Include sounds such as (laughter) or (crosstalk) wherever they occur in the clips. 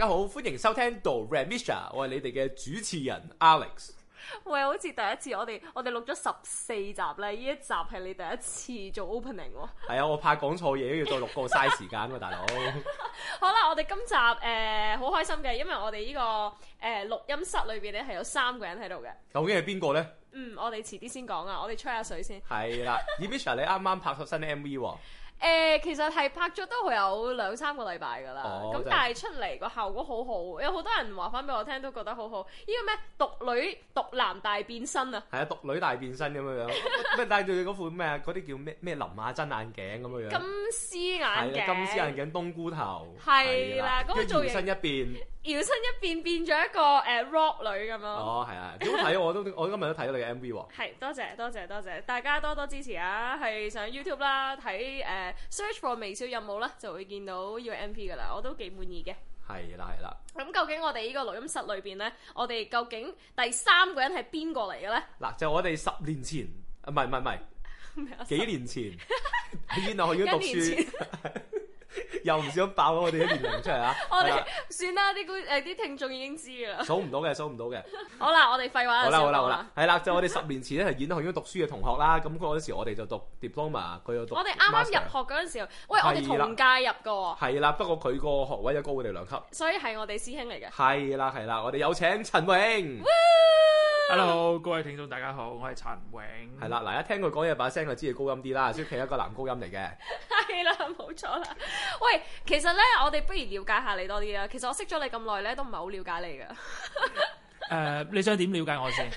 大家好，歡迎收聽到 Ramisha，我係你哋嘅主持人 Alex。喂，好似第一次我，我哋我哋錄咗十四集咧，呢一集係你第一次做 opening、啊。係啊、哎，我怕講錯嘢都要再錄過，嘥時間喎、啊，大佬。 (laughs) 好啦，我哋今集誒好、呃、開心嘅，因為我哋呢、呢個誒、呃、錄音室裏邊咧係有三個人喺度嘅。究竟係邊個咧？嗯，我哋遲啲先講啊，我哋吹下水先。係啦 Ramisha、哎、a 你啱啱拍咗新嘅 MV、啊。誒、呃，其實係拍咗都好有兩三個禮拜㗎啦，咁、哦、但係出嚟個效果好好，有好多人話翻俾我聽都覺得好好。呢個咩獨女獨男大變身啊？係啊，獨女大變身咁樣樣，咩 (laughs) 戴住嗰款咩嗰啲叫咩咩林馬真眼鏡咁樣樣。金絲眼鏡。金絲眼鏡冬菇頭。係啦、啊。跟住變身一變。搖身一變，變變咗一個誒、呃、rock 女咁樣哦。哦係啊，幾好睇 (laughs) 我都我今日都睇到你嘅 MV 喎。係，多謝多謝多謝，大家多多支持啊！係上 YouTube 啦，睇誒 search for 微笑任務啦，就會見到要 MV 噶啦，我都幾滿意嘅。係啦係啦。咁究竟我哋呢個錄音室裏邊咧，我哋究竟第三個人係邊個嚟嘅咧？嗱，就係、我哋十年前啊，唔係唔係唔係，幾年前喺醫學院讀書年。 (laughs) (laughs) 又唔少爆咗我哋啲年齡出嚟啊！我哋算啦，啲觀誒啲聽眾已經知噶啦，數唔到嘅，數唔到嘅。好啦，我哋廢話。好啦好啦好啦，係啦， (laughs) 就我哋十年前咧係演學院讀書嘅同學啦。咁嗰陣時我哋就讀 diploma，佢又讀 master，我哋啱啱入學嗰陣時候，喂，的我哋同屆入嘅喎、哦。係啦，不過佢個學位就高我哋兩級。所以係我哋師兄嚟嘅。係啦係啦，我哋有請陳永。 (laughs) Hello，各位聽眾大家好，我係陳永。係 (music) 啦，嗱一聽佢講嘢把聲，就知道高音啲啦，即係佢一個男高音嚟嘅。係 (noise) 啦樂，冇 (music) 錯啦。喂，其實咧，我哋不如了解下你多啲啦。其實我識咗你咁耐咧，都唔係好了解你㗎。 (laughs) 誒，你想點了解我先？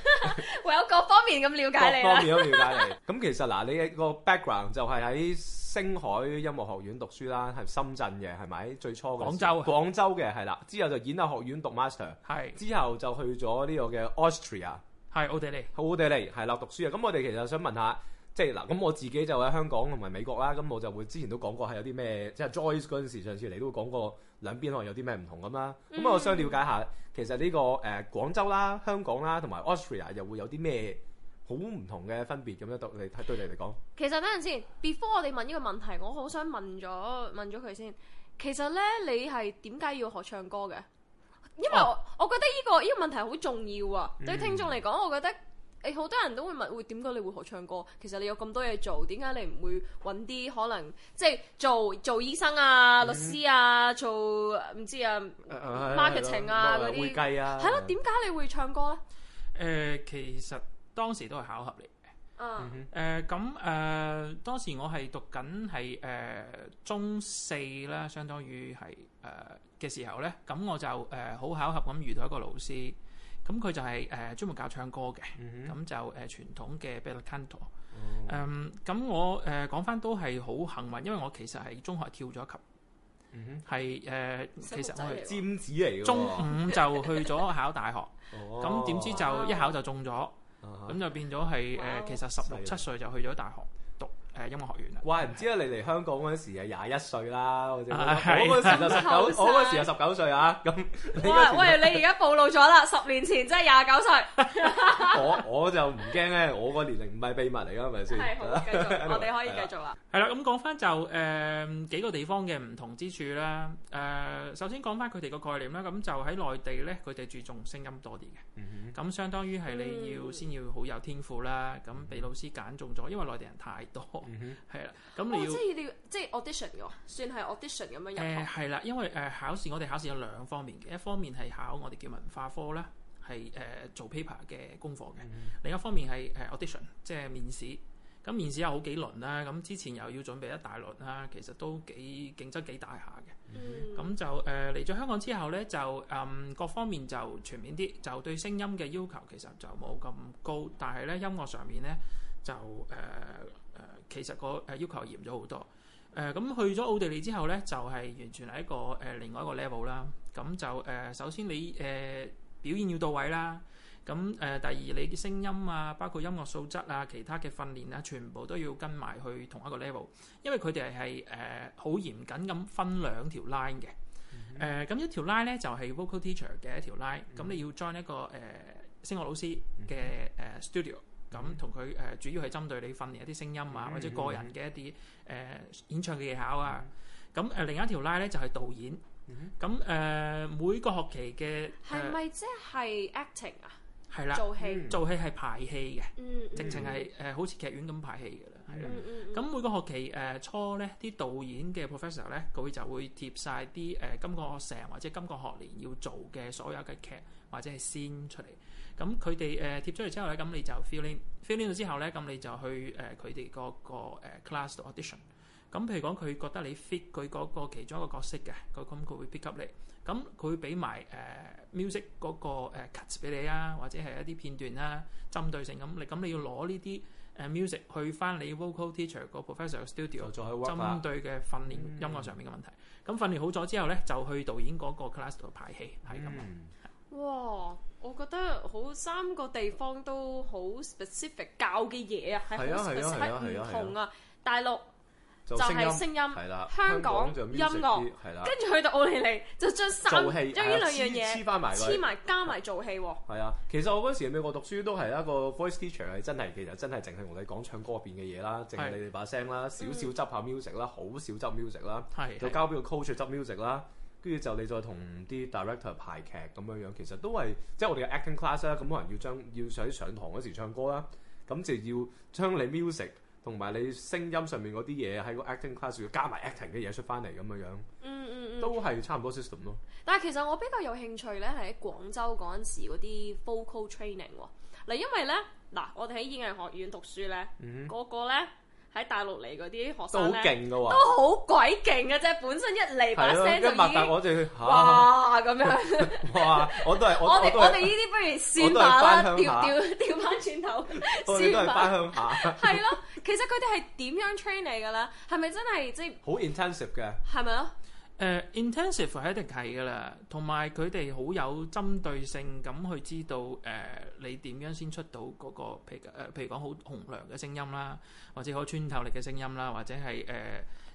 會有各方面咁了解你了 (laughs) 各方面都了解你。咁其實嗱，你個 background 就係喺星海音樂學院讀書啦，係深圳嘅，係咪？最初廣州，廣州嘅係啦。之後就演藝學院讀 master，係的。之後就去咗呢個嘅 Austria，係奧地利，奧地利係啦讀書啊。咁我哋其實想問下，即係嗱，咁我自己就喺香港同埋美國啦。咁我就會之前都講過係有啲咩，即係 Joyce 嗰陣時上次嚟，都會講過。兩邊可能有啲咩唔同㗎嘛？咁啊、嗯、我想了解下，其實呢、呢個誒、呃、廣州啦、香港啦，同埋 Austria 又會有啲咩好唔同嘅分別咁咧？樣對你對你嚟講，其實等陣先，before 我哋問呢個問題，我好想問咗問咗佢先。其實咧，你係點解要學唱歌嘅？因為我、啊、我覺得呢、呢個呢、呢個問題好重要啊，對、就是、聽眾嚟講，嗯、我覺得。誒好多人都會問，會點解你會學唱歌？其實你有咁多嘢做，點解你唔會揾啲可能即係做做醫生啊、律師啊、做唔知啊、marketing、嗯、啊嗰啲、嗯嗯嗯、會計啊？係咯些，點解、啊、你會唱歌咧？誒、呃，其實當時都係巧合嚟嘅。啊、嗯，誒咁誒，當時我係讀緊係誒中四啦，相當於係誒嘅時候咧，咁我就誒好、呃、巧合咁遇到一個老師。咁佢就係誒專門教唱歌嘅，咁、嗯、哼就誒傳、呃、統嘅 Bel Canto。誒咁、嗯、我誒講翻都係好幸運，因為我其實係中學跳咗一級，係誒、嗯哼呃、其實我係尖子嚟嘅，中五就去咗考大學。咁點、哦、知就一考就中咗，咁、哦、就變咗係誒其實十六七歲就去咗大學。誒，音樂學院啊，怪唔知啦，你嚟香港嗰時係廿一歲啦，我嗰時就十九，我嗰時就十九歲啊，咁，哇，喂，你而家暴露咗啦，十年前即係廿九歲，我我就唔驚咧，我個年齡唔係秘密嚟噶，係咪先？係，好，我哋可以繼續啦。係啦，咁講翻就誒幾個地方嘅唔同之處啦，誒，首先講翻佢哋個概念啦，咁就喺內地咧，佢哋注重聲音多啲嘅。咁相當於係你要先要好有天賦啦，咁俾、嗯、老師揀中咗，因為內地人太多，係啦、嗯哼，咁你要、哦、即係 audition 㗎，算係 audition 咁樣入學。誒係啦、呃，因為誒、呃、考試，我哋考試有兩方面嘅，一方面係考我哋嘅文化科啦，係誒、呃、做 paper 嘅功課嘅，嗯、哼另一方面係誒 audition，即係面試。咁面試有好幾輪啦，咁之前又要準備一大輪啦，其實都幾競爭幾大下嘅。咁、mm hmm。就誒嚟咗香港之後呢，就誒、嗯、各方面就全面啲，就對聲音嘅要求其實就冇咁高，但係呢音樂上面呢，就誒、呃呃、其實個要求嚴咗好多。誒、呃、咁去咗奧地利之後呢，就係、是、完全係一個誒、呃、另外一個 level 啦。咁、mm hmm。就誒、呃、首先你誒、呃、表現要到位啦。咁誒，第二你嘅聲音啊，包括音樂素質啊，其他嘅訓練啊，全部都要跟埋去同一個 level，因為佢哋係誒好嚴謹咁分兩條 line 嘅誒。咁一條 line 咧就係 vocal teacher 嘅一條 line，咁你要 join 一個誒聲樂老師嘅誒 studio，咁同佢誒主要係針對你訓練一啲聲音啊，或者個人嘅一啲誒演唱嘅技巧啊。咁誒另一條 line 咧就係導演咁誒每個學期嘅係咪即係 acting 啊？係啦，做戲、嗯、做戲係排戲嘅，嗯嗯、直情係誒好似劇院咁排戲嘅啦，係啦。咁每個學期誒、呃、初咧，啲導演嘅 professor 咧，佢就會貼晒啲誒今個成或者今個學年要做嘅所有嘅劇或者係先出嚟。咁佢哋誒貼出嚟之後咧，咁你就 feeling，feeling 到之後咧，咁你就去誒佢哋個個、呃、class to audition。咁譬如講，佢覺得你 fit 佢嗰個其中一個角色嘅，佢咁佢會 pick up 你。咁佢會俾埋誒 music 嗰個誒 cuts 俾你啊，或者係一啲片段啦，針對性咁你咁你要攞呢啲誒 music 去翻你 vocal teacher 個 professor 嘅 studio，針對嘅訓練音樂上面嘅問題。咁訓練好咗之後咧，就去導演嗰個 class 度排戲，係咁。哇，我覺得好三個地方都好 specific 教嘅嘢啊，係係係唔同啊，大陸。就係聲音，香港音樂，跟住去到奧尼利就將三將呢兩樣嘢黐翻埋，黐埋加埋做戲。係啊，其實我嗰時美國讀書都係一個 voice teacher，係真係其實真係淨係同你講唱歌入邊嘅嘢啦，淨係你哋把聲啦，少少執下 music 啦，好少執 music 啦，就交俾個 coach 執 music 啦，跟住就你再同啲 director 排劇咁樣樣，其實都係即係我哋嘅 acting class 啦，咁可能要將要上上堂嗰時唱歌啦，咁就要將你 music。同埋你聲音上面嗰啲嘢喺個 acting class 要加埋 acting 嘅嘢出翻嚟咁嘅樣，嗯，嗯嗯嗯，都係差唔多 system 咯。但係其實我比較有興趣咧，係喺廣州嗰陣時嗰啲 vocal training 喎。嗱，因為咧嗱，我哋喺演藝學院讀書咧，嗯、個個咧。喺大陸嚟嗰啲學生都好勁㗎喎，都好鬼勁㗎啫。本身一嚟把聲就已經、啊我啊、哇咁樣，哇！我都係我 (laughs) 我我哋呢啲不如算把啦，調調調翻轉頭，轉 (laughs) 算把啦、哦。翻鄉下。係咯， (laughs) 其實佢哋係點樣 train 嚟㗎咧？係咪真係即係好 intensive 嘅？係咪咯？誒、uh, intensive 係一定係噶啦，同埋佢哋好有針對性咁去知道誒、呃、你點樣先出到嗰個譬如誒、呃，譬如講好洪亮嘅聲音啦，或者好穿透力嘅聲音啦，或者係誒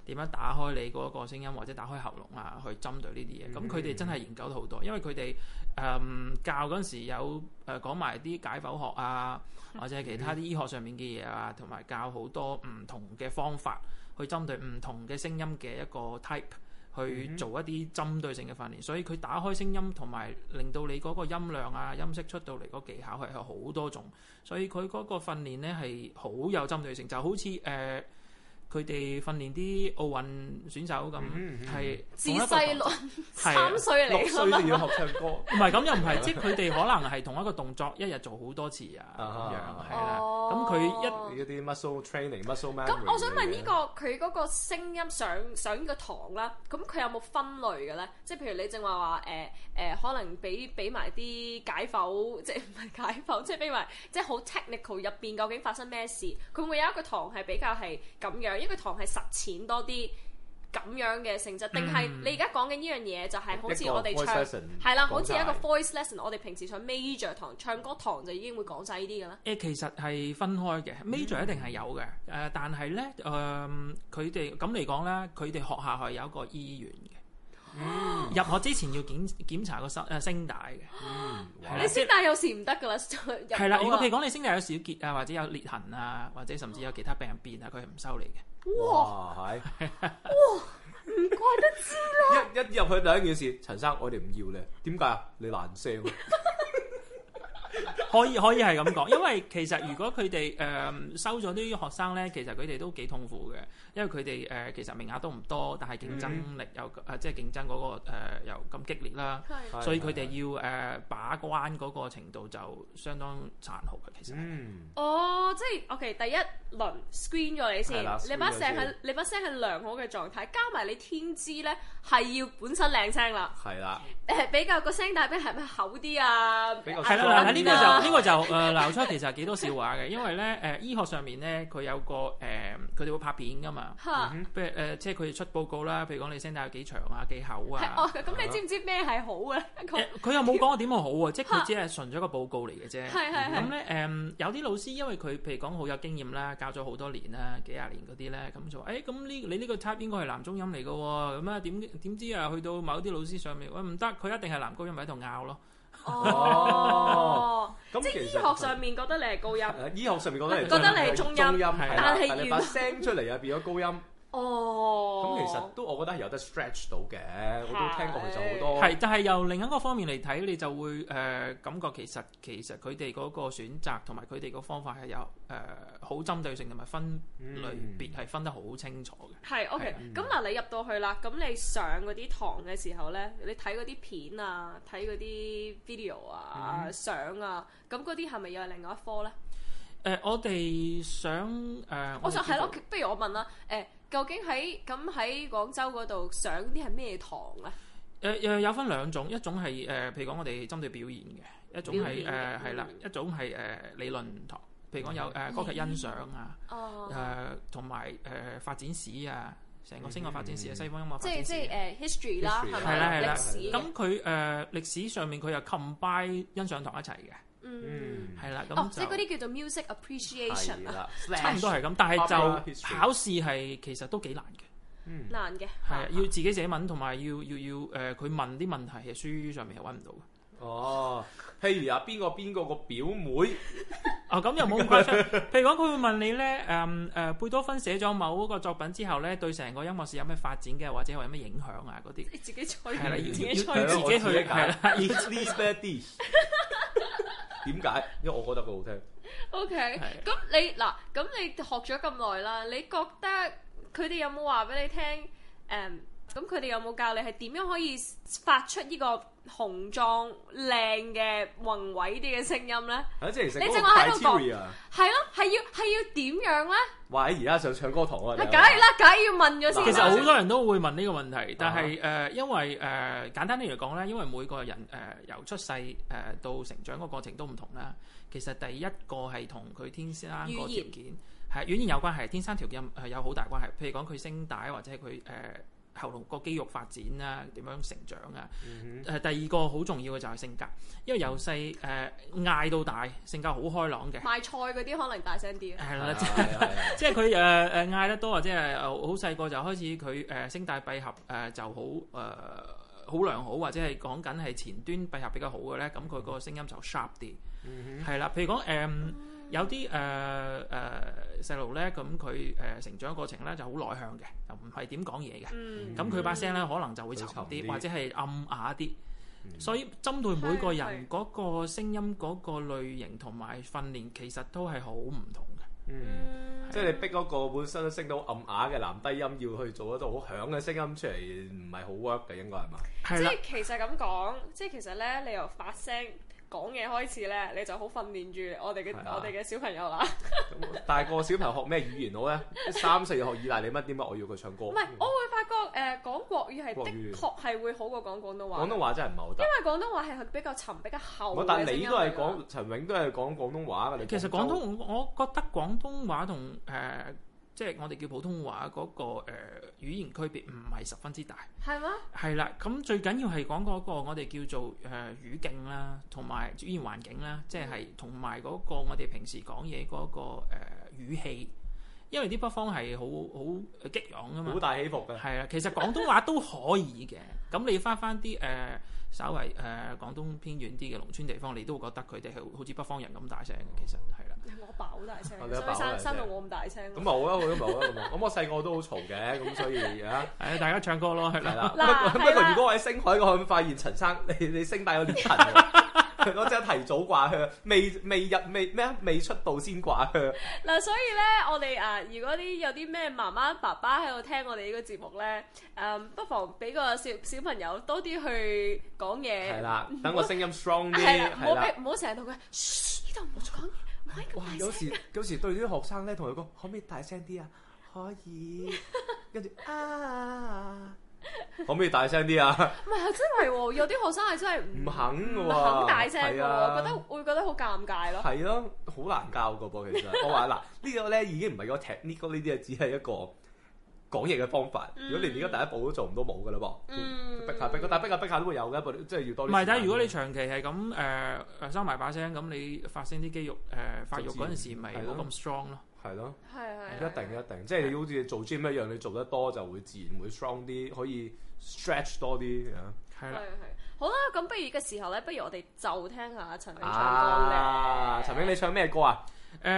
點樣打開你嗰個聲音，或者打開喉嚨啊，去針對呢啲嘢。咁佢哋真係研究到好多，因為佢哋誒教嗰陣時有誒、呃、講埋啲解剖學啊，或者係其他啲醫學上面嘅嘢啊，嗯、同埋教好多唔同嘅方法去針對唔同嘅聲音嘅一個 type。去做一啲針對性嘅訓練，所以佢打開聲音同埋令到你嗰個音量啊、音色出到嚟嗰技巧係有好多種，所以佢嗰個訓練咧係好有針對性，就是、好似誒。呃佢哋訓練啲奧運選手咁，係仔細囉，三歲嚟，六歲就要學唱歌。唔係咁又唔係，即係佢哋可能係同一個動作，一日做好多次啊。咁樣係啦。咁佢一嗰啲 muscle training、muscle memory。咁我想問呢個佢嗰個聲音上上呢個堂啦，咁佢有冇分類嘅咧？即係譬如你正話話誒誒，可能俾俾埋啲解剖，即係唔係解剖？即係俾埋即係好 technical 入邊，究竟發生咩事？佢會有一個堂係比較係咁樣。因為個堂係實踐多啲咁樣嘅性質，定係你而家講緊呢樣嘢就係好似我哋唱係啦，好似一個 voice lesson、啊完。我哋平時上 major 堂唱歌堂就已經會講晒呢啲嘅啦。誒，其實係分開嘅，major 一定係有嘅，誒、嗯，但係呢，誒、呃，佢哋咁嚟講咧，佢哋學下去有一個醫院嘅。嗯，入學之前要檢檢查個心誒，聲帶嘅，你聲帶有時唔得噶啦，係 (laughs) 啦了。如果譬如講你聲帶有小結啊，或者有裂痕啊，或者甚至有其他病變啊，佢係唔收你嘅。哇，係 (laughs) 哇，唔怪得知啦。 (laughs) 一一入去第一件事，陳生，我哋唔要你，點解啊？你難聲。 (laughs) 可以可以係咁講，因為其實如果佢哋誒收咗呢啲學生咧，其實佢哋都幾痛苦嘅，因為佢哋誒其實名額都唔多，但係競爭力又誒即係競爭嗰個誒又咁激烈啦，所以佢哋要誒把關嗰個程度就相當殘酷嘅其實。嗯，哦，即係 OK，第一輪 screen 咗你先，你把聲係你把聲係良好嘅狀態，加埋你天資咧係要本身靚聲啦，係啦，誒比較個聲帶係咪厚啲啊？比較。呢個就呢個就、呃、鬧出，其實幾多笑話嘅。因為咧誒，醫學上面咧，佢有個誒，佢哋會拍片噶嘛、嗯。譬如誒，呃呃即係佢哋出報告啦，譬如講你聲帶有幾長啊、幾厚啊。咁、啊哦呃啊啊、你知唔知咩係好，好啊？佢又冇講我點好啊，即係佢只係純咗個報告嚟嘅啫。咁咧誒，有啲老師因為佢譬如講好有經驗啦，教咗好多年啦，幾廿年嗰啲咧，咁就誒，咁呢你呢個 type 應該係男中音嚟嘅喎，咁啊點點知啊去到某啲老師上面，喂唔得，佢一定係男高音，咪喺度拗咯。哦，咁、oh, (laughs) 即係醫學上面覺得你係高音，音，醫學上面覺得你覺得你係中音，但係原聲出嚟又變咗高音。 (laughs) 音哦，咁、oh，其實都我覺得係有得 stretch 到嘅。我都聽過佢就好多係的，但係由另一個方面嚟睇，你就會誒、呃、感覺其實其實佢哋嗰個選擇同埋佢哋個方法係有誒好、呃、針對性，同埋分類別係分得好清楚嘅。係、嗯、OK，咁嗱的、嗯、你入到去啦，咁你上嗰啲堂嘅時候咧，你睇嗰啲片啊，睇嗰啲 video 啊、相啊，咁嗰啲係咪又係另外一科咧？誒、呃，我哋想，誒、呃，我，我想係咯，okay，不如我問啦、啊，誒。究竟喺咁喺廣州嗰度上啲係咩堂咧？誒誒、呃呃、有分兩種，一種係誒、呃，譬如講我哋針對表演嘅，一種係誒係啦，一種係誒、呃、理論堂，譬如講有誒、呃、歌劇欣賞啊，誒同埋誒發展史啊，成個聲樂發展史嘅、啊、西方音樂發展史即係即係誒、呃、history 啦，係啦係啦歷史咁佢誒歷史上面佢又 combine 欣賞堂一齊嘅。嗯，係啦，咁即係嗰啲叫做 music appreciation 啦，差唔多係咁，但係就考試係其實都幾難嘅，難嘅係啊，要自己寫文，同埋要要要誒，佢問啲問題喺書上面係搵唔到嘅。哦，譬如啊，邊個邊個個表妹啊，咁又冇咁誇張。譬如講，佢會問你咧，誒誒，貝多芬寫咗某一個作品之後咧，對成個音樂史有咩發展嘅，或者有咩影響啊，嗰啲。你自己吹，你自己吹，自己去係啦點解？因為我覺得佢好聽 okay, 是。OK，咁你嗱，咁你學咗咁耐啦，你覺得佢哋有冇話俾你聽？誒、嗯，咁佢哋有冇教你係點樣可以發出呢、呢個？雄壯靚嘅宏偉啲嘅聲音咧，你正話喺度講，係咯，係要係要點樣咧？喂而家上唱歌堂啊！梗係啦，梗係要問咗先。其實好多人都會問呢個問題，但係誒，因為誒簡單啲嚟講咧，因為每個人誒由出世誒到成長個過程都唔同啦。其實第一個係同佢天生個條件係語言有關係，天生條件係有好大關係。譬如講佢聲帶或者佢誒。喉嚨個肌肉發展啊，點樣成長啊？誒、嗯喲呃，第二個好重要嘅就係性格，因為由細誒嗌到大，性格好開朗嘅賣菜嗰啲可能大聲啲啊，係啦的， (laughs) 即係佢誒誒嗌得多啊，即係好細個就開始佢誒聲帶閉合誒就好誒好良好，或者係講緊係前端閉合比較好嘅咧，咁佢個聲音就 sharp 啲，係啦。譬如講誒。嗯嗯有啲誒誒細路咧，咁佢誒成長過程咧就好內向嘅，就唔係點講嘢嘅。咁佢把聲咧可能就會沉啲，或者係暗啞啲。所以針對每個人嗰個聲音嗰個類型同埋訓練，其實都係好唔同嘅。嗯，即係你逼嗰個本身都升到暗啞嘅男低音，要去做嗰種好響嘅聲音出嚟，唔係好 work 嘅應該係嘛？係啦，其實咁講，即係其實咧，你又發聲。講嘢開始咧，你就好訓練住我哋嘅、啊、我哋嘅小朋友啦。大 (laughs) 個小朋友學咩語言好咧？ (laughs) 三四年學意大利乜點解我要佢唱歌。唔係是，嗯、我會發覺誒、呃、講國語係的確係會好過講廣東話。廣東話真係唔係好得？因為廣東話係比較沉、比較厚，但係你都係講陳永都係講廣東話㗎。你其實廣東，我覺得廣東話同誒。呃即係我哋叫普通話嗰、那個誒、呃、語言區別唔係十分之大，係咩嗎？係啦，咁最緊要係講嗰個我哋叫做誒、呃、語境啦，同埋語言環境啦，嗯、即係同埋嗰個我哋平時講嘢嗰個誒、呃、語氣，因為啲北方係好好激昂㗎嘛，好大起伏嘅，係啊，其實廣東話都可以嘅，咁 (laughs) 你翻翻啲誒。呃稍為誒、廣東偏遠啲嘅農村地方，你都會覺得佢哋係好似北方人咁大聲嘅，其實係啦。我爸好大聲，所以生生到我咁大聲。咁好啦，我都好啦，咁我細個都好嘈嘅，咁所以啊，誒、大家唱歌咯，係啦。不過不過，如果我喺星海，我發現陳生，你你聲大有癲咁。 (laughs) 我真係提早掛靴，未未入未咩啊？未出道先掛靴。嗱，所以咧，我哋啊、呃，如果啲有啲咩媽媽爸爸喺度聽我哋呢個節目咧，誒、呃，不妨俾個小小朋友多啲去講嘢。係啦的，等個別聲音 strong 啲。唔好俾唔好成日同佢噓，呢度唔好講嘢。哇，有時有時對啲學生咧，同佢講可唔可以大聲啲啊？可以，跟住啊。Ah 可唔可以大聲啲、 (laughs) 哦、啊？唔係啊，真係喎，有啲學生係真係唔肯噶，唔肯大聲噶，覺得會覺得好尷尬咯。係咯，好難教噶噃，其實 (laughs) 我話嗱，這個、呢個咧已經唔係個 technical，呢啲啊只係一個。講嘢嘅方法，嗯、如果連而家第一步都做唔到冇噶啦噃，逼下逼但係逼下逼下都會有嘅，即、就、係、是、要多啲時間唔係，但係如果你長期係咁誒收埋把聲，咁、呃、你發聲啲肌肉誒、呃、發育嗰陣時會會的，咪冇咁 strong 咯。係咯，係係，一定一定，即係你好似做 gym 一樣，你做得多就會自然會 strong 啲，可以 stretch 多啲啊。係啦，係的好啦，咁不如嘅時候咧，不如我哋就聽，聽下陳明唱歌啦。啊，陳明你唱咩歌啊？誒、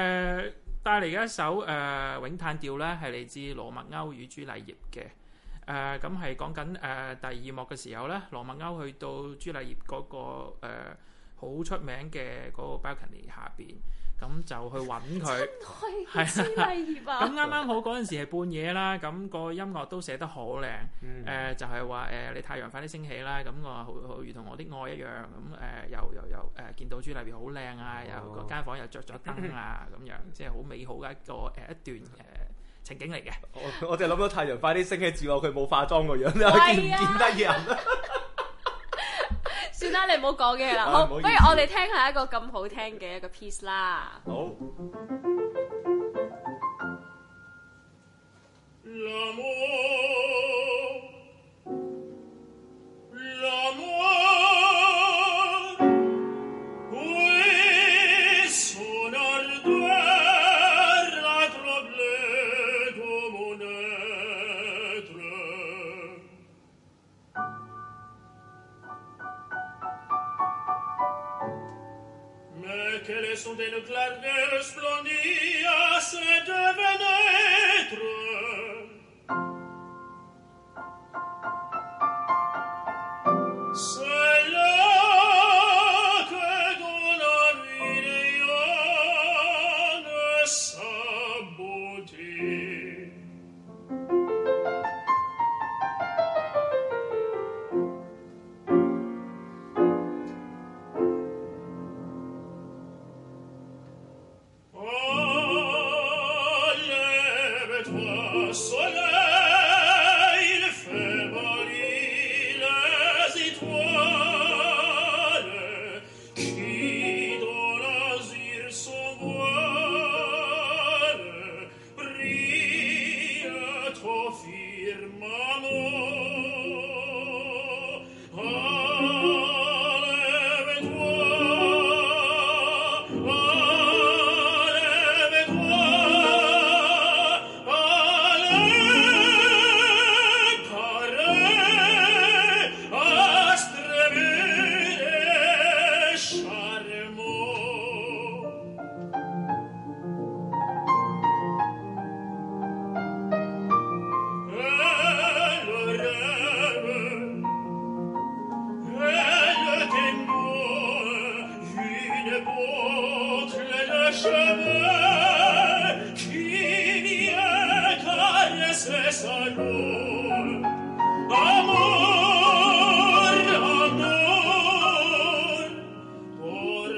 啊。帶嚟嘅一首誒、呃《詠嘆調》咧，係嚟自羅密歐與朱麗葉嘅誒，咁係講緊誒第二幕嘅時候咧，羅密歐去到朱麗葉嗰、那個好、呃、出名嘅嗰個 balcony 下邊。咁就去揾佢，咁啱啱好嗰陣時係半夜啦，咁、那個音樂都寫得好靚，誒、嗯呃、就係話誒你太陽快啲升起啦，咁、呃、我好如同我啲愛一樣，咁、呃、誒又又又誒、呃、見到朱麗葉好靚啊，又個間房又着咗燈啊，咁 (laughs) 樣即係好美好嘅一個誒、呃、一段誒、呃、情景嚟嘅。我我就諗到太陽快啲升起，至於佢冇化妝個樣， (laughs) (laughs) 見唔見得人？ (laughs) 算啦，你唔好講嘢啦，好，不如我哋聽下一個咁好聽嘅一個 piece 啦。好。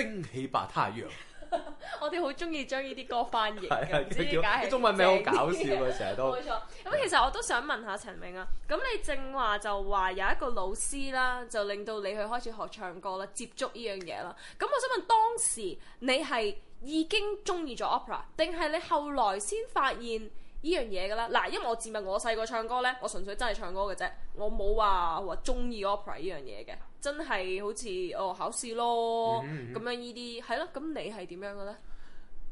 升起白太陽， (laughs) 我哋好中意將呢啲歌翻譯嘅，中文名好搞笑啊！成日都冇錯。咁錯的其實我都想問下陳明啊，咁你正話就話有一個老師啦，就令到你去開始學唱歌啦，接觸呢樣嘢啦。咁我想問，當時你係已經中意咗 opera，定係你後來先發現？呢樣嘢㗎啦，嗱，因為我自問我細個唱歌咧，我純粹真係唱歌嘅啫，我冇話話中意 opera 呢樣嘢嘅，真係好似哦考試咯咁、嗯嗯嗯、樣，這樣呢啲，係咯，咁你係點樣嘅咧？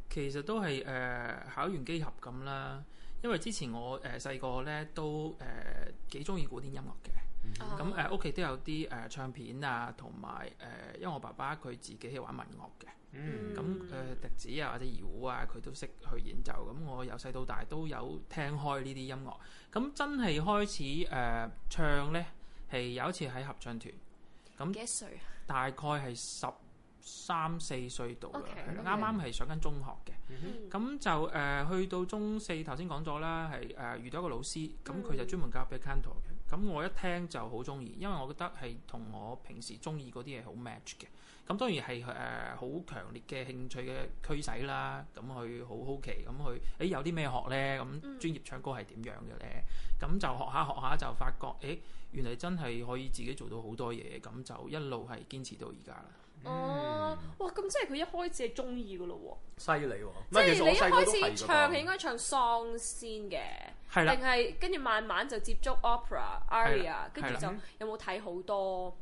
其實都係誒、呃、考完機合咁啦，因為之前我誒細個咧都誒幾中意古典音樂嘅。咁誒屋企都有啲誒、呃、唱片啊，同埋誒，因為我爸爸佢自己係玩民樂嘅，咁誒笛子啊或者二胡啊佢都識去演奏。咁我由細到大都有聽開呢啲音樂。咁真係開始誒、呃、唱呢，係有一次喺合唱團。咁幾多歲啊？大概係十三四歲度啦，啱啱係上緊中學嘅。咁、mm hmm. 就誒、呃、去到中四，頭先講咗啦，係誒、呃、遇到一個老師，咁佢就專門教俾 Canto 嘅、mm。Hmm. 咁我一聽就好中意，因為我覺得係同我平時中意嗰啲嘢好 match 嘅。咁當然係誒好強烈嘅興趣嘅驅使啦。咁佢好好奇，咁佢誒有啲咩學呢？咁專業唱歌係點樣嘅呢？咁就學下學下就發覺誒，原來真係可以自己做到好多嘢。咁就一路係堅持到而家啦。哦，嗯、哇！咁即係佢一開始係中意嘅咯喎，犀利喎！即係你一開始唱，佢應該唱 song 先嘅，係定係跟住慢慢就接觸 opera aria，跟住就有冇睇好多？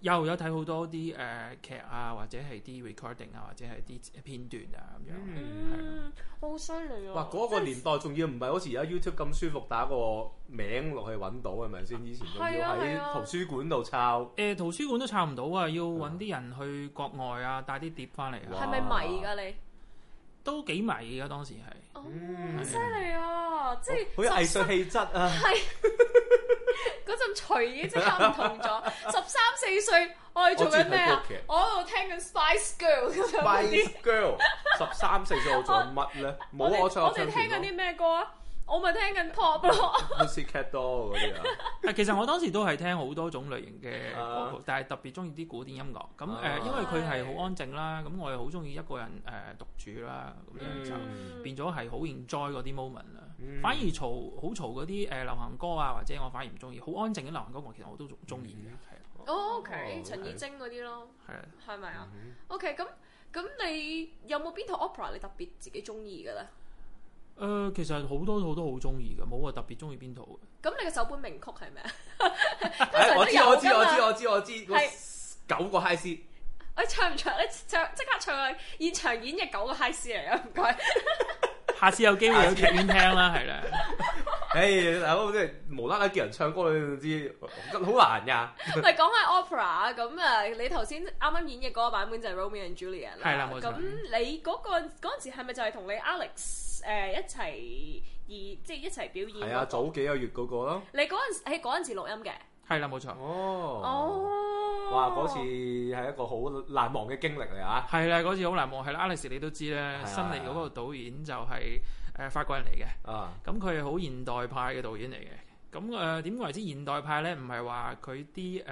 又有睇好多啲誒劇啊，或者係啲 recording 啊，或者係啲片段啊咁樣。嗯，好犀利啊！哇，嗰個年代仲要唔係好似而家 YouTube 咁舒服，打個名落去揾到係咪先？以前仲要喺圖書館度抄。誒，圖書館都抄唔到啊，要揾啲人去國外啊，帶啲碟翻嚟啊。係咪迷㗎你？都幾迷㗎當時係。嗯，好犀利啊！即係好有藝術氣質啊。係。嗰陣隨意即刻唔同咗，十三四歲、哦、我哋做緊咩啊？我喺度聽緊 Spice Girl 嗰啲。 (laughs) (laughs) Spice Girl，十三四歲我做緊乜咧？冇啊 (laughs) 我，我唱們。我哋聽緊啲咩歌啊？ (laughs) 我咪聽緊 pop 咯，musical 多嗰啲啊。 (laughs) 其實我當時都係聽好多種類型嘅，uh huh. 但係特別中意啲古典音樂。咁誒，uh huh. 因為佢係好安靜啦，咁我又好中意一個人誒獨處啦，咁、呃、就變咗係好 enjoy 嗰啲 moment 啦。Uh huh. 反而嘈好嘈嗰啲誒流行歌啊，或者我反而唔中意。好安靜嘅流行歌，我其實我都仲中意嘅。係 O K，陳綺貞嗰啲咯。係啊的。係咪啊？O K，咁咁你有冇邊套 opera 你特別自己中意嘅咧？誒、呃，其實好多好都好中意嘅，冇話特別中意邊套嘅。咁你嘅首本名曲係咩啊？我知我知我知是我知我知，九個 High C，唱唔唱？我唱即刻唱個現場演繹九個 High C 嚟嘅，唔該。 (laughs) 下次有機會有劇院聽啦，係啦。誒，大佬真係無啦啦叫人唱歌，你都知，好難噶。嚟講下 opera，咁啊，你頭先啱啱演嘅嗰個版本就係《Romeo and Juliet》啦。係啦，冇錯。咁你嗰個嗰陣時係咪就係同你 Alex 誒一齊而即係一齊表演？係啊，早幾個月嗰個囉。你嗰陣喺嗰陣時錄音嘅。係啦，冇錯。哦、oh, oh，哇！嗰次係一個好難忘嘅經歷嚟啊！係啦，嗰次好難忘。係啦，Alex 你都知咧，的新嚟嗰個導演就係、是、誒、呃、法國人嚟嘅。啊，咁佢係好現代派嘅導演嚟嘅。咁誒點解為之現代派咧？唔係話佢啲誒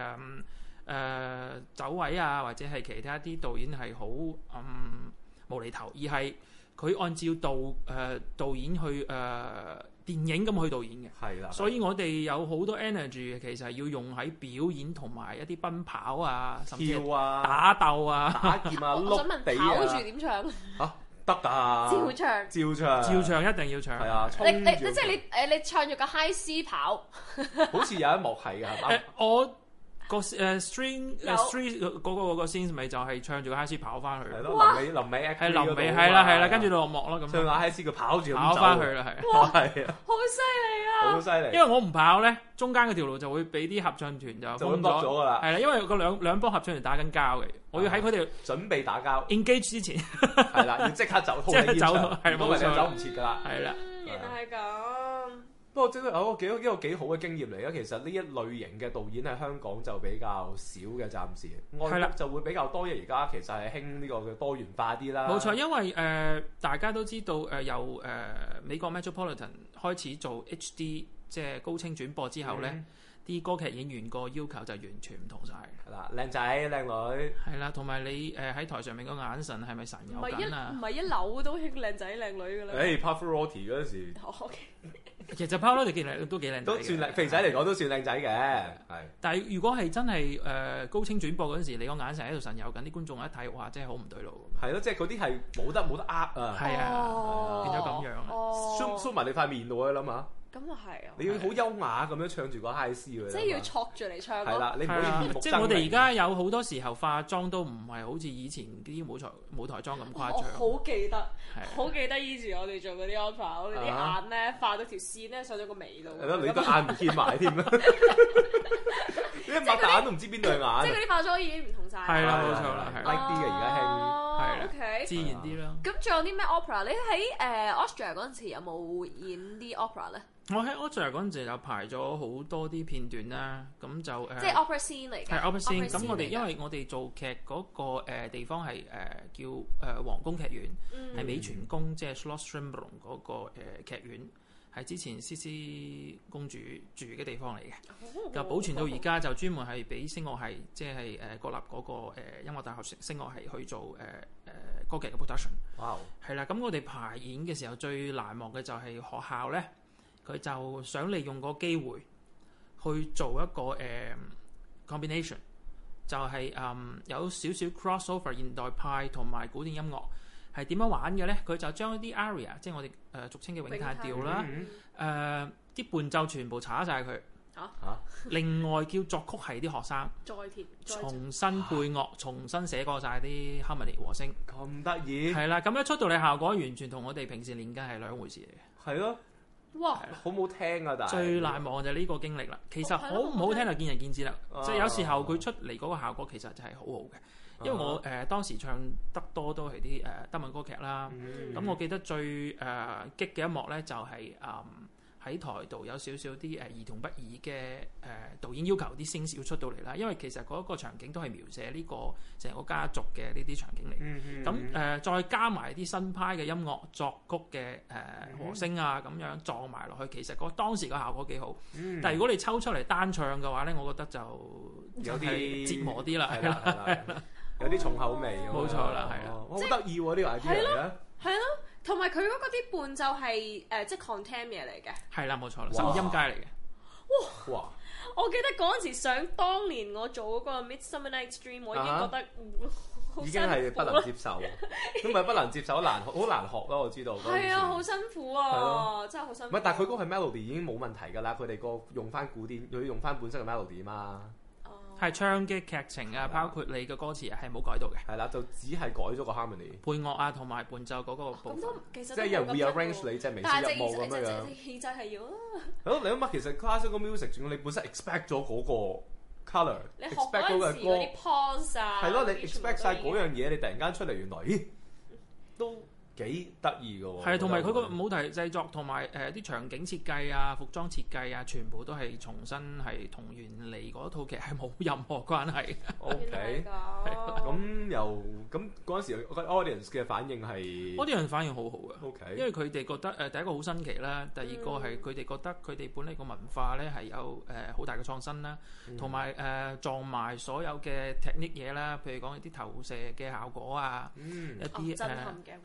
誒走位啊，或者係其他啲導演係好嗯無厘頭，而係佢按照導誒、呃、導演去誒。呃電影咁去導演嘅，係啦的，所以我哋有好多 energy 其實要用喺表演同埋一啲奔跑啊，跳啊，打鬥啊，打劍啊，碌地 (laughs) 我想問，跑住點唱？嚇得啊！照唱，照唱，照唱，照唱一定要唱，係啊！衝住，即係你誒，你唱住個 high C 跑， (laughs) 好似有一幕係嘅、 (laughs) 呃，我。個誒 three 誒 three 嗰個個 s 咪就係唱住個 high C 跑翻去，係咯，尾臨尾係臨尾係啦係啦，跟住落幕咯咁，唱下 high C 佢跑住跑翻去啦，係，哇，係啊，好犀利啊，好犀利，因為我唔跑咧，中間嗰條路就會俾啲合唱團就，就揼咗噶啦，係啦，因為個兩兩幫合唱團打緊交嘅，我要喺佢哋準備打交 engage 之前，係啦，要即刻走，即刻走，係冇錯，走唔切噶啦，係啦，原來係咁。不過真係有個幾一個幾好嘅經驗嚟嘅，其實呢一類型嘅導演喺香港就比較少嘅，暫時、嗯、外國就會比較多。而家其實係興呢個嘅多元化啲啦。冇錯，因為誒、呃、大家都知道誒，由、呃、誒、呃、美國 Metropolitan 開始做 HD 即係高清轉播之後咧，啲、嗯、歌劇演員個要求就完全唔同晒。嗱、嗯，靚仔靚女係啦，同埋你誒喺、呃、台上面個眼神係咪神有、啊？唔係一唔係一扭都興靚仔靚女㗎啦。誒、哎、Pavarotti、er、嗰陣時。 (laughs) 其實 Paulo 都見嚟都幾靚仔，都算靚。肥仔嚟講都算靚仔嘅，係的。但係如果係真係誒、呃、高清轉播嗰陣時，你個眼神喺度神遊緊，啲觀眾一睇，哇！真係好唔對路。係咯，即係嗰啲係冇得冇得呃。啊、哦，係啊，變咗咁樣啊，縮縮埋你塊面喎，你諗下。咁啊係啊！你要好優雅咁樣唱住個 high C 喎，即係要戳住你唱咯。係啦，你唔會即係我哋而家有好多時候化妝都唔係好似以前啲舞台舞台妝咁誇張。我好記得，好記得以前我哋做嗰啲 opera，我哋啲眼咧化到條線咧上咗個眉度，你都眼唔見埋添。你擘大眼都唔知邊對眼。即係嗰啲化妝已經唔同晒。係啦，冇錯啦，係。l 啲嘅而家聽，係 OK 自然啲啦。咁仲有啲咩 opera？你喺誒 Austria 嗰陣時有冇演啲 opera 咧？我喺 Opera 嗰陣時就排咗好多啲片段啦，咁就誒，即係 Opera scene 嚟嘅。係 Opera scene 咁我哋因為我哋做劇嗰個地方係誒、呃、叫誒、呃、皇宮劇院，係、嗯、美泉宮，即係 Schloss Schwerin 嗰個劇院，係之前 CC 公主住嘅地方嚟嘅。哦、就保存到而家就專門係俾聲樂係，即係誒國立嗰、那個、呃、音樂大學聲聲樂係去做誒誒、呃呃、歌劇嘅 production。哇、哦！係啦，咁我哋排演嘅時候最難忘嘅就係學校咧。佢就想利用個機會去做一個誒、uh, combination，就係、是、誒、um, 有少少 cross over 現代派同埋古典音樂係點樣玩嘅呢？佢就將啲 aria 即係我哋誒、呃、俗稱嘅詠嘆調啦，誒啲伴奏全部查晒佢嚇另外叫作曲係啲學生再 (laughs) 重新配樂，重新寫過晒啲 harmony 和聲，咁得意係啦！咁一出到嚟效果，完全同我哋平時練緊嘅係兩回事嚟嘅，係咯。哇，了好唔好聽啊？但係最難忘就係呢個經歷啦。其實好唔好聽就見仁見智啦。啊、即係有時候佢出嚟嗰個效果其實就係好好嘅，啊、因為我誒、呃、當時唱得多都係啲誒德文歌劇啦。咁、嗯、我記得最誒、呃、激嘅一幕咧就係、是、誒。嗯喺台度有少少啲誒兒童不宜嘅誒導演要求啲聲要出到嚟啦，因為其實嗰一個場景都係描寫呢個成個家族嘅呢啲場景嚟，咁誒再加埋啲新派嘅音樂作曲嘅誒和聲啊咁樣撞埋落去，其實個當時個效果幾好。但係如果你抽出嚟單唱嘅話咧，我覺得就有啲折磨啲啦，係啦，有啲重口味。冇錯啦，係啦，好得意喎呢個 idea 嚟嘅。係咯。同埋佢嗰個啲伴奏係誒即係 contam 嘢嚟嘅，係啦冇錯啦，十哇音階嚟嘅。哇！哇我記得嗰陣時想當年我做嗰個 Midsummer Night's Dream，我已經覺得、uh、huh, (laughs) 已經係不， (laughs) 不，不能接受，咁咪不能接受難好難學咯。我知道。係 (laughs) 啊，好辛苦啊， (laughs) 啊真係好辛苦。唔但係佢嗰個係 melody 已經冇問題㗎啦。佢哋個用翻古典又用翻本身嘅 melody 啊嘛。係唱嘅劇情啊，小包括你嘅歌詞係、啊、冇改到嘅。係啦，就只係改咗個 harmony。配樂啊，同埋伴奏嗰個部分。即係又 rearrange 你，即係美聲入幕咁樣樣、這個。但係你即係氣質係要。係咯， (laughs) 你諗下，其實 classical music，仲要你本身 expect 咗嗰個 color 你 expect 學嗰陣時啲 puns 啊，係咯，你 expect 晒嗰樣嘢，你突然間出嚟，原來咦都。幾得意嘅喎，係同埋佢個舞台製作同埋誒啲場景設計啊、服裝設計啊，全部都係重新係同原嚟嗰套劇係冇任何關係。O K，咁又咁嗰陣時，Audience 嘅反應係 Audience 反應好好嘅，okay，因為佢哋覺得誒、呃、第一個好新奇啦，第二個係佢哋覺得佢哋本嚟個文化咧係有誒好、呃、大嘅創新啦，同埋誒撞埋所有嘅 technic 嘢啦，譬如講一啲投射嘅效果啊，嗯、一啲誒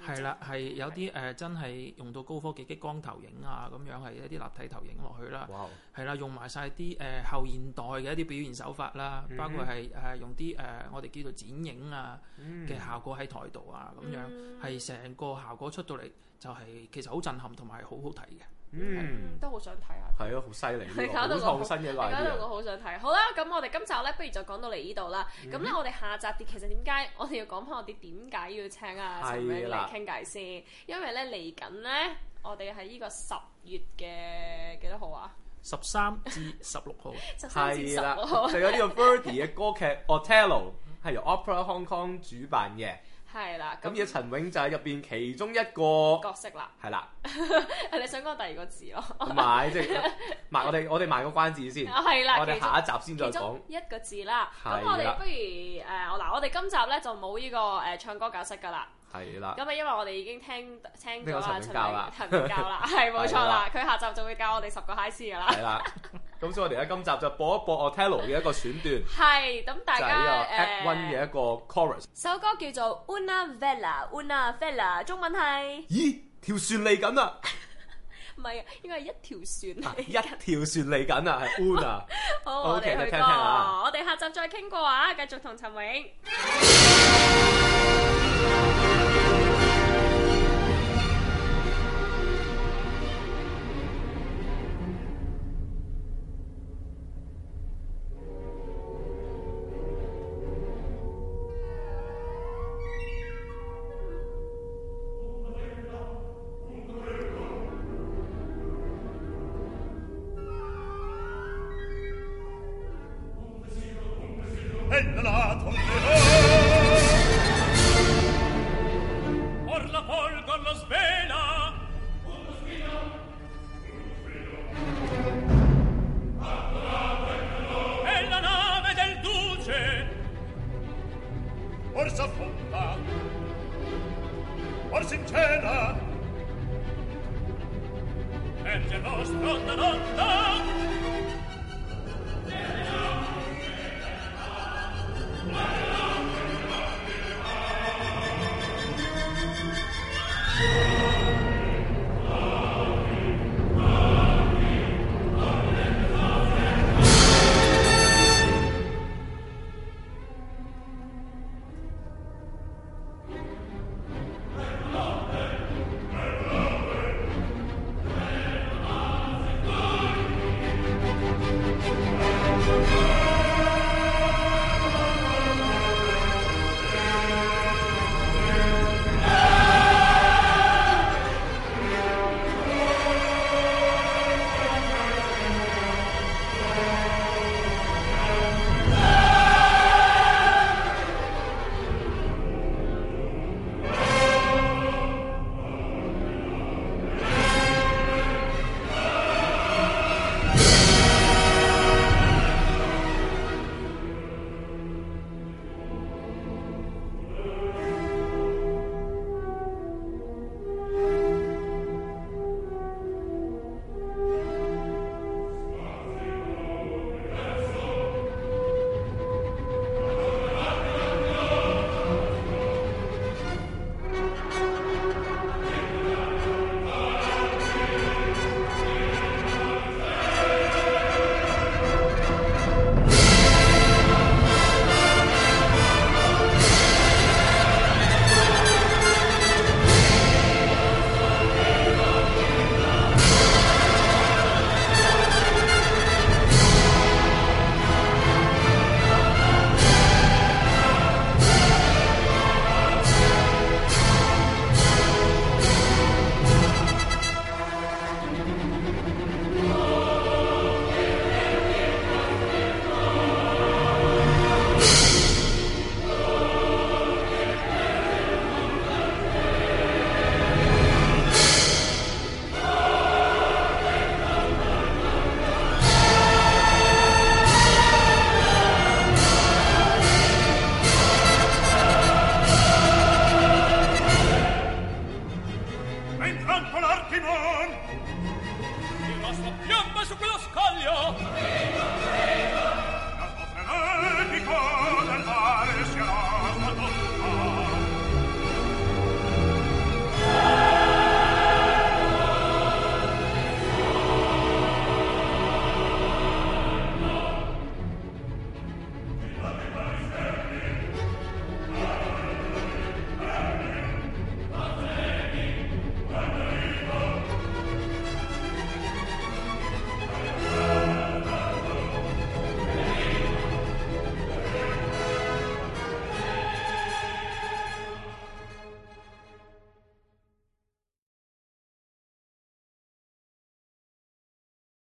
係啦。哦對係有啲誒、呃、真係用到高科技激光投影啊，咁樣係一啲立體投影落去啦。係啦 Wow.、啊，用埋晒啲誒後現代嘅一啲表現手法啦，mm hmm. 包括係誒、呃、用啲誒、呃、我哋叫做剪影啊嘅效果喺台度啊，咁樣係成、mm hmm. 個效果出到嚟就係其實好震撼同埋好好睇嘅。嗯，都好想睇下。係啊，好犀利，搞到個新嘢，搞到我好想睇。好啦，咁我哋今集咧，不如就講到嚟呢度啦。咁咧，我哋下集啲，其實點解，我哋要講翻我哋點解要請阿陳偉嚟傾偈先？因為咧嚟緊咧，我哋喺呢個十月嘅幾多號啊？十三至十六號，十三至十六號，係啦，就有呢個 Verdi 嘅歌劇《Othello》，係由 Opera Hong Kong 主辦嘅。係啦，咁而陳永就係入邊其中一個角色啦，係啦，係你想講第二個字咯？唔係，即係埋我哋，我哋埋個關子先，係啦，我哋下一集先再講一個字啦。咁我哋不如誒嗱，我哋今集咧就冇呢個誒唱歌格式噶啦，係啦。咁啊，因為我哋已經聽聽咗啦，陳永教啦，係冇錯啦。佢下集就會教我哋十個嗨師噶啦。係啦。咁所以我哋喺今集就播一播《Otello》嘅一個選段，係咁大家《Act One》嘅一個 Chorus，首歌叫做《Una Vela》，Una Vela，中文係，咦，條船嚟緊啦，唔係啊，應該係一條船嚟，一條船嚟緊啊，係 Una，好，我哋去聽下啊，我哋下集再傾過啊，繼續同陳永。